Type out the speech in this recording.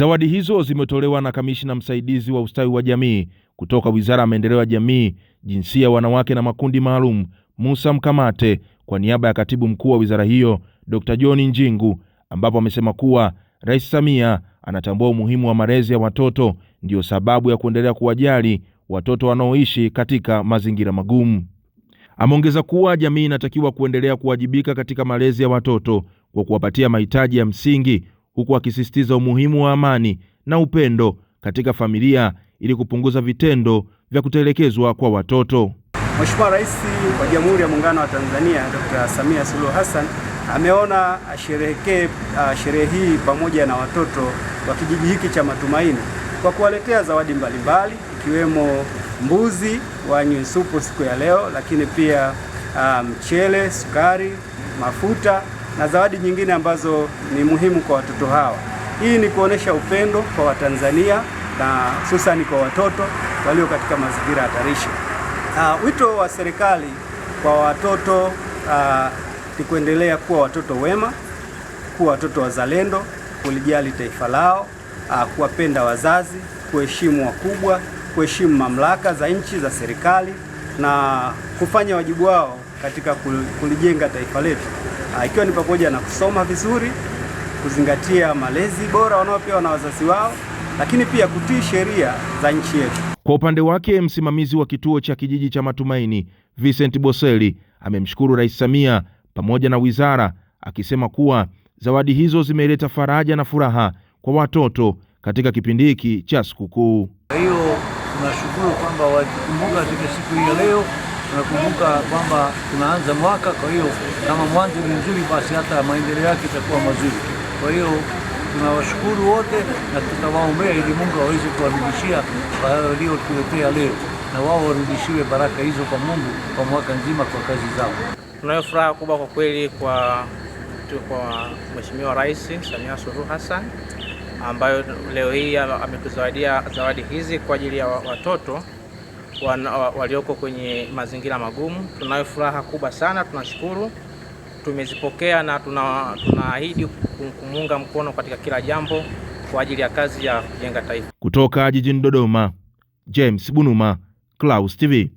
Zawadi hizo zimetolewa na kamishna msaidizi wa ustawi wa jamii kutoka Wizara ya Maendeleo ya Jamii, Jinsia, Wanawake na Makundi Maalum, Musa Mkamate, kwa niaba ya katibu mkuu wa wizara hiyo Dr. John Njingu, ambapo amesema kuwa Rais Samia anatambua umuhimu wa malezi ya watoto, ndiyo sababu ya kuendelea kuwajali watoto wanaoishi katika mazingira magumu. Ameongeza kuwa jamii inatakiwa kuendelea kuwajibika katika malezi ya watoto kwa kuwapatia mahitaji ya msingi huku akisisitiza umuhimu wa amani na upendo katika familia ili kupunguza vitendo vya kutelekezwa kwa watoto. Mheshimiwa Rais wa Jamhuri ya Muungano wa Tanzania Dr. Samia Suluhu Hassan ameona asherehekee ah, sherehe hii pamoja na watoto wa kijiji hiki cha Matumaini kwa kuwaletea zawadi mbalimbali ikiwemo mbuzi wa nyusupu siku ya leo, lakini pia ah, mchele, um, sukari, mafuta na zawadi nyingine ambazo ni muhimu kwa watoto hawa. Hii ni kuonesha upendo kwa Watanzania na hususani kwa watoto walio katika mazingira hatarishi. Uh, wito wa serikali kwa watoto uh, ni kuendelea kuwa watoto wema, kuwa watoto wazalendo, kulijali taifa lao, uh, kuwapenda wazazi, kuheshimu wakubwa, kuheshimu mamlaka za nchi za serikali na kufanya wajibu wao katika kulijenga taifa letu. Ah, ikiwa ni pamoja na kusoma vizuri, kuzingatia malezi bora wanaopewa na wazazi wao, lakini pia kutii sheria za nchi yetu. Kwa upande wake, msimamizi wa kituo cha kijiji cha Matumaini Vincent Boseli amemshukuru Rais Samia pamoja na wizara akisema kuwa zawadi hizo zimeleta faraja na furaha kwa watoto katika kipindi hiki cha sikukuu. Kwa hiyo tunashukuru kwamba wakikumbuka katika siku hii ya leo tunakumbuka kwamba tunaanza mwaka. Kwa hiyo kama mwanzo ni mzuri, basi hata maendeleo yake yatakuwa mazuri. Kwa hiyo tunawashukuru wote na tutawaombea ili Mungu aweze kuwarudishia waliotuletea leo, na wao warudishiwe baraka hizo kwa Mungu kwa mwaka nzima kwa kazi zao. Tunayo furaha kubwa kwa kweli kwa, kwa Mheshimiwa Rais Samia Suluhu Hassan ambayo leo hii ametuzawadia zawadi hizi kwa ajili ya watoto walioko kwenye mazingira magumu. Tunayo furaha kubwa sana, tunashukuru, tumezipokea na tunaahidi tuna kumuunga mkono katika kila jambo kwa ajili ya kazi ya kujenga taifa. Kutoka jijini Dodoma, James Bunuma, Clouds TV.